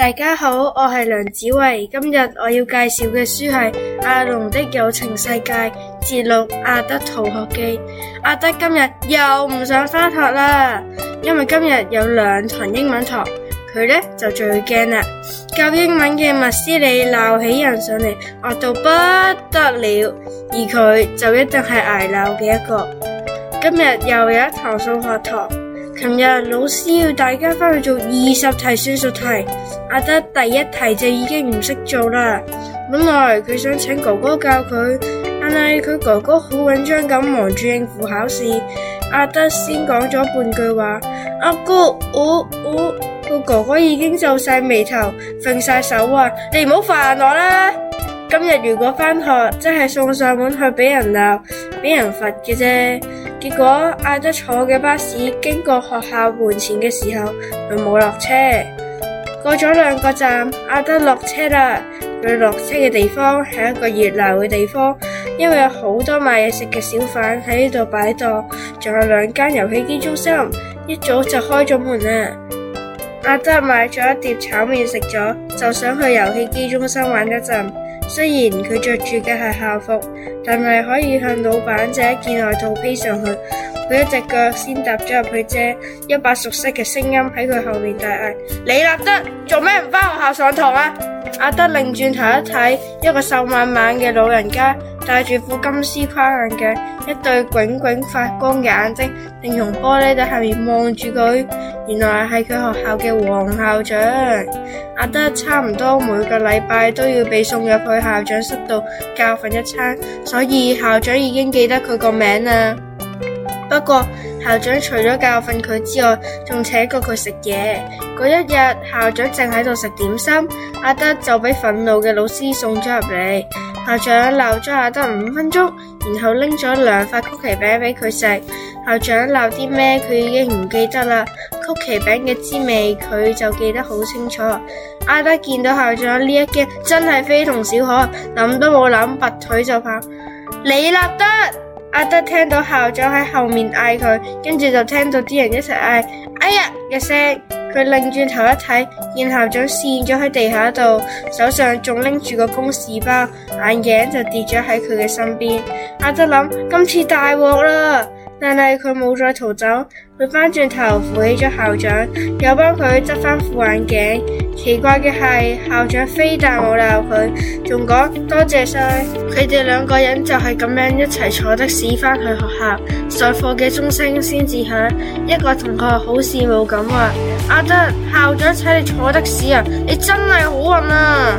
大家好，我係梁梓為，今日我要介紹嘅書係《阿濃的有情世界》節錄《阿德逃學記》。阿德今日又唔想翻學啦，因為今日有兩堂英文堂，佢呢就最驚啦。教英文嘅麥斯利鬧起人上嚟，惡到不得了，而佢就一定係挨鬧嘅一個。今日又有一堂數學堂。琴日老師要大家翻去做二十題算術題，阿德第一題就已經唔識做啦。本來佢想請哥哥教佢，但係佢哥哥好緊張咁忙住應付考試，阿德先講咗半句話：阿、啊、哥，我、哦、我，個、哦、哥哥已經皺晒眉頭、瞓晒手啊！你唔好煩我啦。今日如果翻學，真係送上門去俾人鬧、俾人罰嘅啫。結果阿德坐嘅巴士經過學校門前嘅時候，佢冇落車。過咗兩個站，阿德落車啦。佢落車嘅地方係一個熱鬧嘅地方，因為有好多賣嘢食嘅小販喺呢度擺檔，仲有兩間遊戲機中心，一早就開咗門啦。阿德買咗一碟炒麵食咗，就想去遊戲機中心玩一陣。雖然佢着住嘅係校服，但係可以向老闆借一件外套披上去。佢一隻腳先踏咗入去啫，一把熟悉嘅聲音喺佢後面大嗌：，你立 德，做咩唔返學校上堂啊？阿德擰轉頭一睇，一個瘦蜢蜢嘅老人家。戴住副金絲框眼鏡，一對炯炯發光嘅眼睛，並用玻璃喺下面望住佢。原來係佢學校嘅黃校長。阿德差唔多每個禮拜都要被送入去校長室度教訓一餐，所以校長已經記得佢個名啦。不過校長除咗教訓佢之外，仲請過佢食嘢。嗰一日校長正喺度食點心，阿德就俾憤怒嘅老師送咗入嚟。校長鬧咗阿德五分鐘，然後拎咗兩塊曲奇餅俾佢食。校長鬧啲咩，佢已經唔記得啦。曲奇餅嘅滋味，佢就記得好清楚。阿德見到校長呢一驚，真係非同小可，諗都冇諗，拔腿就跑。李立德？阿德聽到校長喺後面嗌佢，跟住就聽到啲人一齊嗌哎呀嘅聲。佢擰轉頭一睇，見校長跣咗喺地下度，手上仲拎住個公事包，眼鏡就跌咗喺佢嘅身邊。阿德諗，今次大鑊啦，但係佢冇再逃走，佢翻轉頭扶起咗校長，又幫佢執翻副眼鏡。奇怪嘅係，校長非但冇鬧佢，仲講多謝晒。佢哋兩個人就係咁樣一齊坐的士返去學校。在課嘅鐘聲先至響，一個同學好羨慕咁話、啊：阿、啊、德校長請你坐的士啊，你真係好運啊！